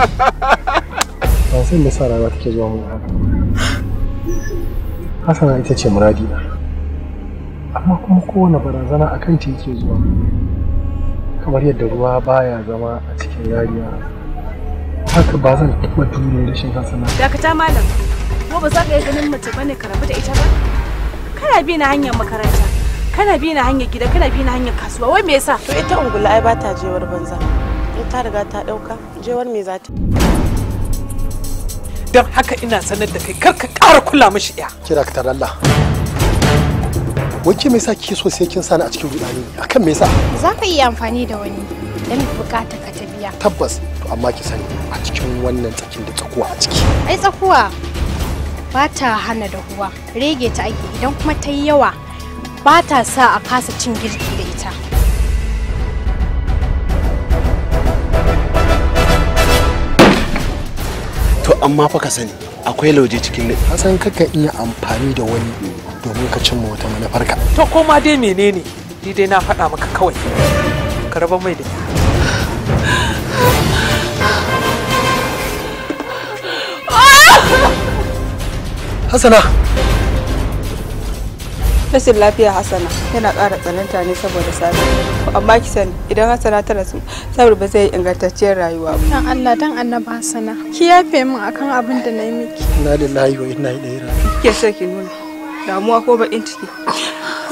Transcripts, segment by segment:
ba san da sa Rana take zuwa mun haka hasana ita ce muradi na amma kuma kowane barazana a kan ta yake zuwa kamar yadda ruwa baya zama a cikin yariya haka ba zan taɓa jure rashin hasana dakata malam kuma ba za ka iya ganin mace bane ka rabu da ita ba kana bi na hanyar makaranta kana bi na hanyar gida kana bi na hanyar kasuwa wai me yasa to ita ungula ai ba ta jewar banza Eh, ta riga ta ɗauka jewar me za ta don haka ina sanar da kai kar ka ƙara kula mishi ya kira ka taralla wacce me yasa kike so sai kin sani a cikin rudani akan me yasa za ka iya amfani da wani dan bukata ka ta biya tabbas to amma ki sani a cikin wannan tsakin da tsakuwa a ciki ai tsakuwa ba ta hana dahuwa rege ta ake idan kuma ta yi yawa ba ta sa a kasa cin girki to amma fa ka sani akwai lauje cikin ne hasan kakan iya amfani da wani domin ka cimma wata manufarka to koma dai menene ni dai na faɗa maka kawai ka raba mai da hasana rashin lafiya hasana yana ƙara tsananta ne saboda sabi amma ki sani idan hasana ta rasu saboda ba zai ingantacciyar rayuwa ba dan Allah dan annaba hasana ki yafe min akan abin da na yi miki inna lillahi wa inna ilaihi raji'un ke so ki nuna damuwa ko bakin ciki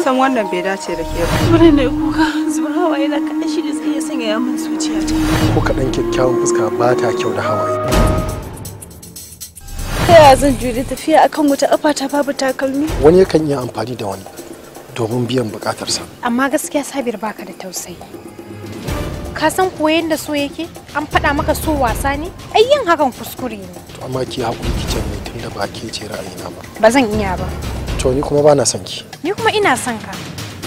san wannan bai dace da ke ba zubar ne kuka zuwa hawaye na kaɗan shi da zai sanya sanya yamin ta ko kaɗan kyakkyawan fuska ba ta kyau da hawaye yaya zan jure tafiya akan wata kafa ta babu takalmi wani yakan iya amfani da wani domin biyan bukatarsa amma gaskiya sabir baka da tausayi ka san kuwa yadda so yake an faɗa maka so wasa ne ai yin hakan kuskure ne to amma ki hakuri ki ce mai tunda ba ke ce ra'ayina ba ba zan iya ba to ni kuma ba na son ni kuma ina son ka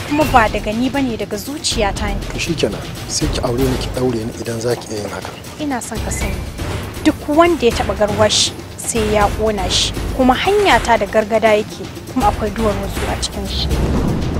kuma ba daga ni bane daga zuciyata ne to shikenan sai ki aure ni ki daure ni idan zaki iya yin hakan ina son ka sani duk wanda ya taɓa garwashi sai ya kona shi kuma hanya ta da gargada yake kuma akwai duwar wasu a cikin shi